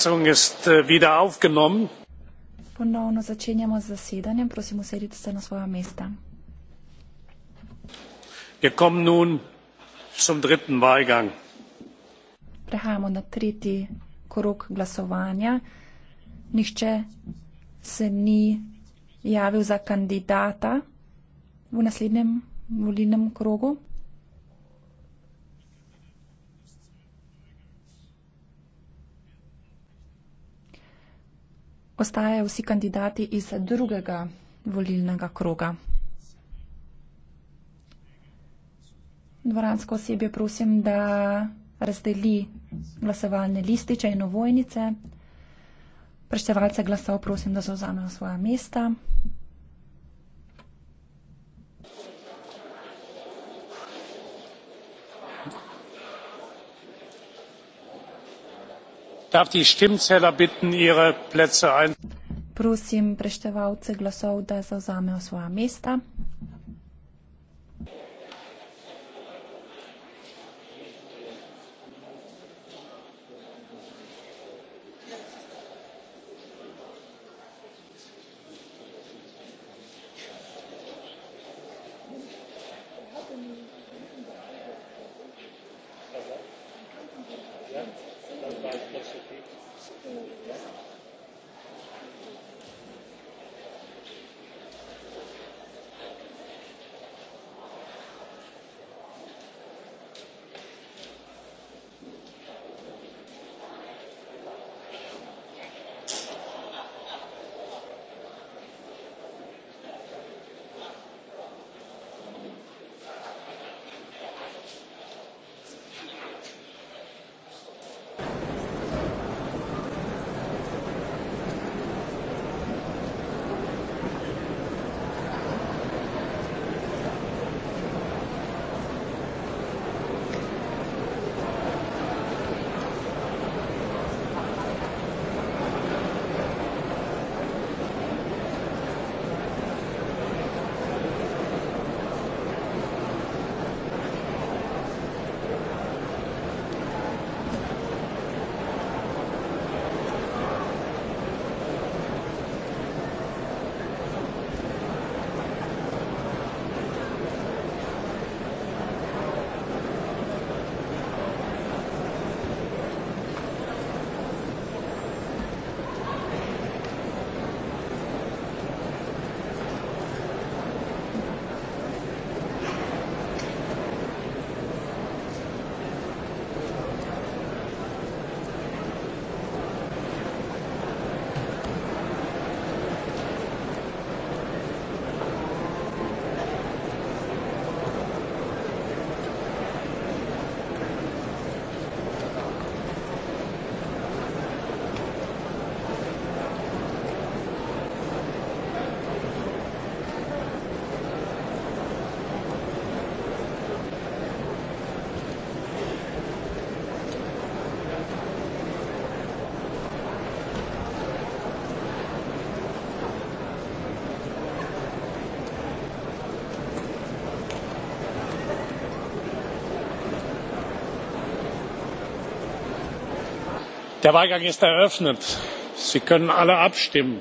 Sitzung ist äh, wieder aufgenommen. Ponovno začenjamo z zasedanjem. Prosim, usedite se na svoja mesta. Wir kommen nun zum dritten Wahlgang. Prehajamo na tretji krok glasovanja. Nihče se ni javil za kandidata v naslednjem volilnem krogu. ostajajo vsi kandidati iz drugega volilnega kroga. Dvoransko osebje prosim, da razdeli glasovalne lističe in ovojnice. Preštevalce glasov prosim, da zauzamejo svoja mesta. darf die Stimmzähler bitten, ihre Plätze einzunehmen. Prosim, preštevalce glasov, da zauzamejo svoja mesta. der wahlgang ist eröffnet sie können alle abstimmen.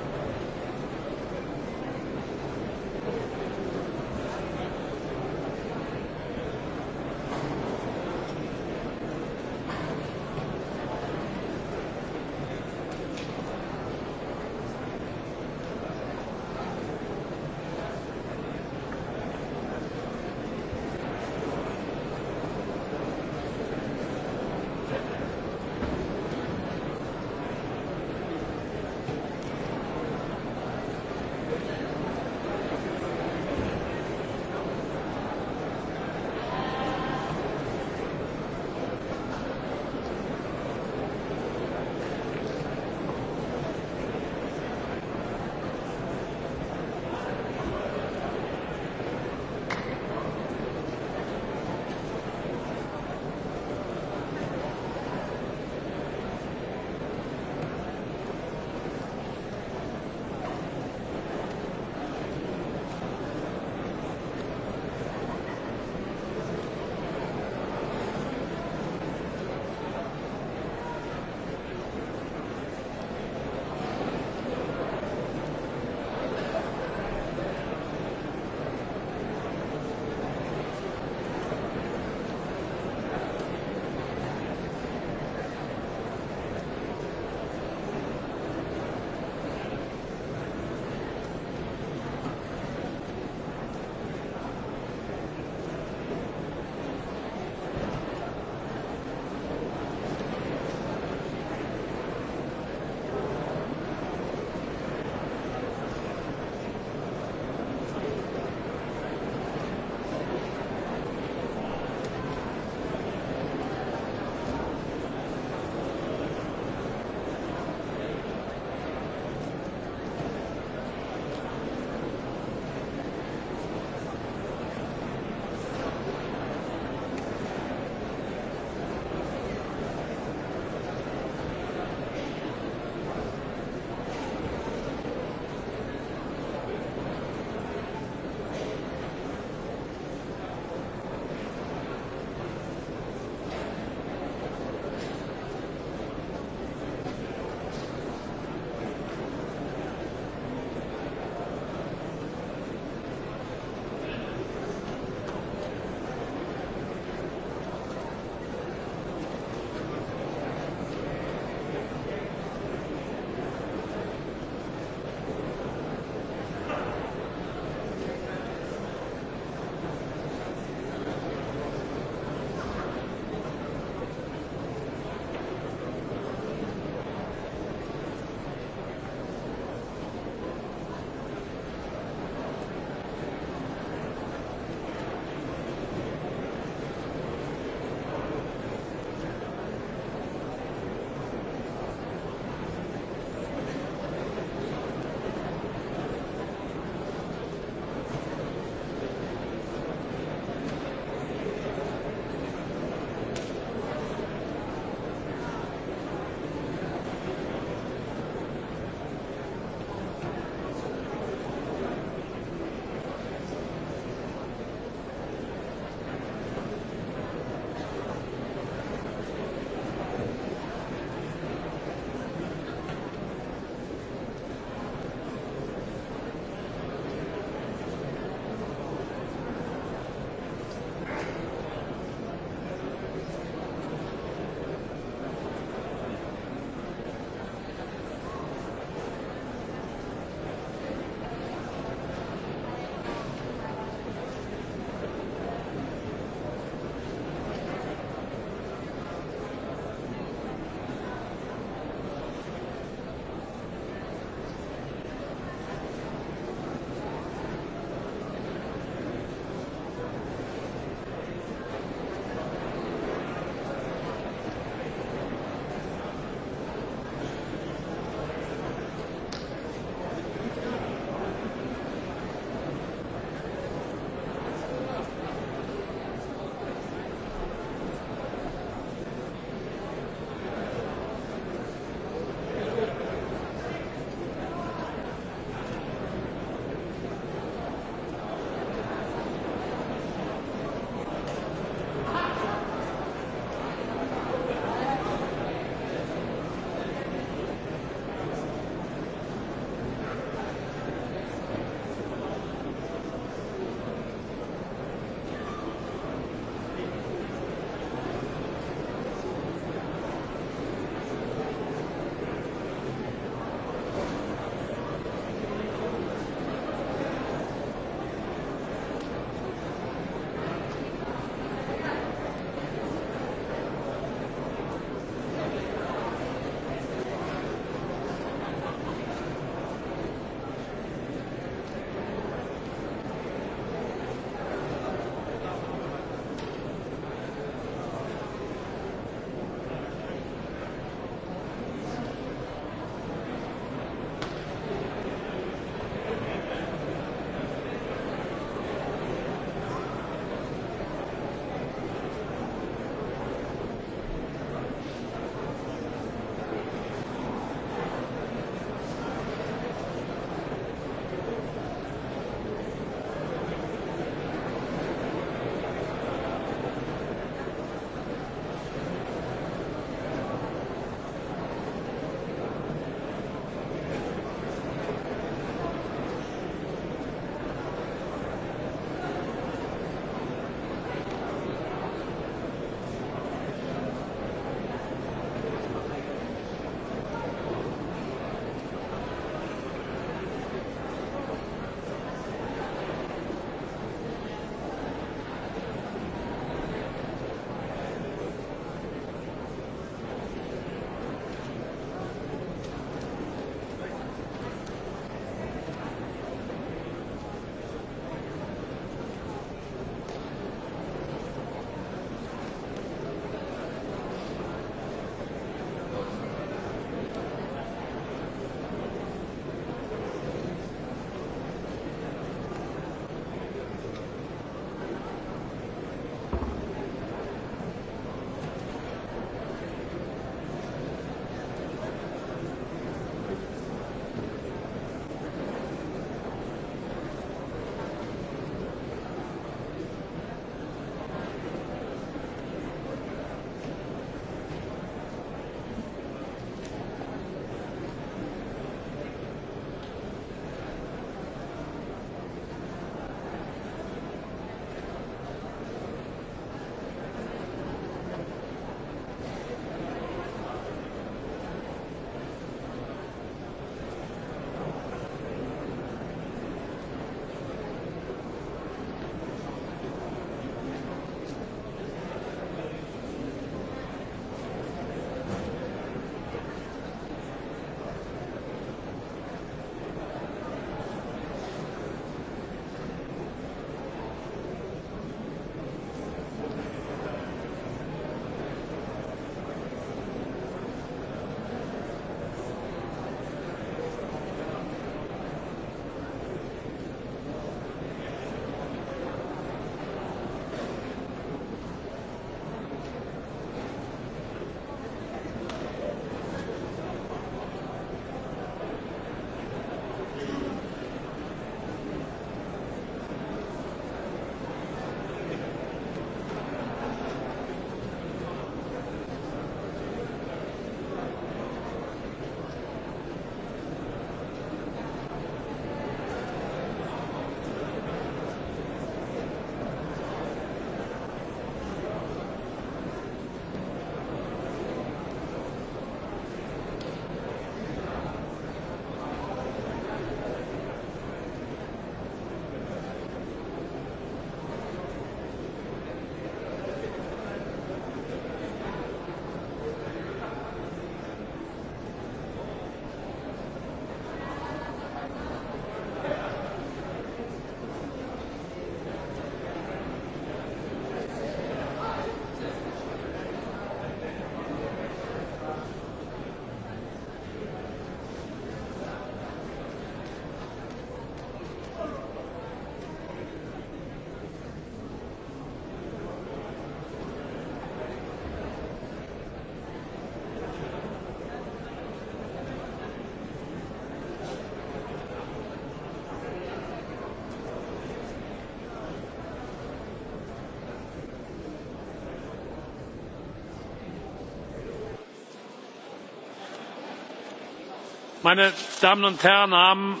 meine damen und herren haben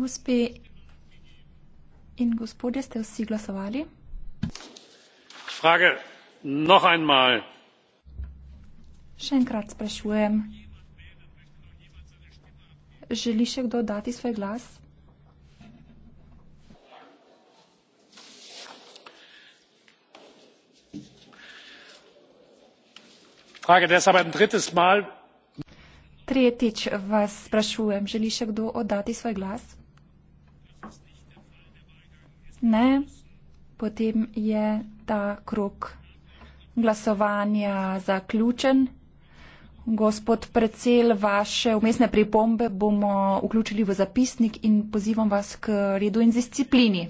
gospe in gospodje ste vsi glasovali? ich frage noch einmal še enkrat sprašujem želi še kdo oddati svoj glas? ich frage deshalb ein drittes mal tretjič vas sprašujem, želi še kdo oddati svoj glas? Ne. Potem je ta krok glasovanja zaključen. Gospod Precel, vaše umestne pripombe bomo vključili v zapisnik in pozivam vas k redu in disciplini.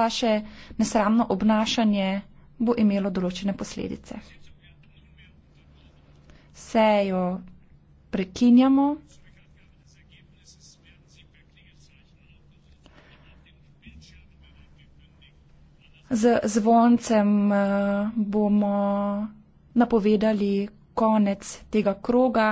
Vaše nesramno obnašanje bo imelo določene posledice sejo prekinjamo. Z zvoncem eh, bomo napovedali konec tega kroga.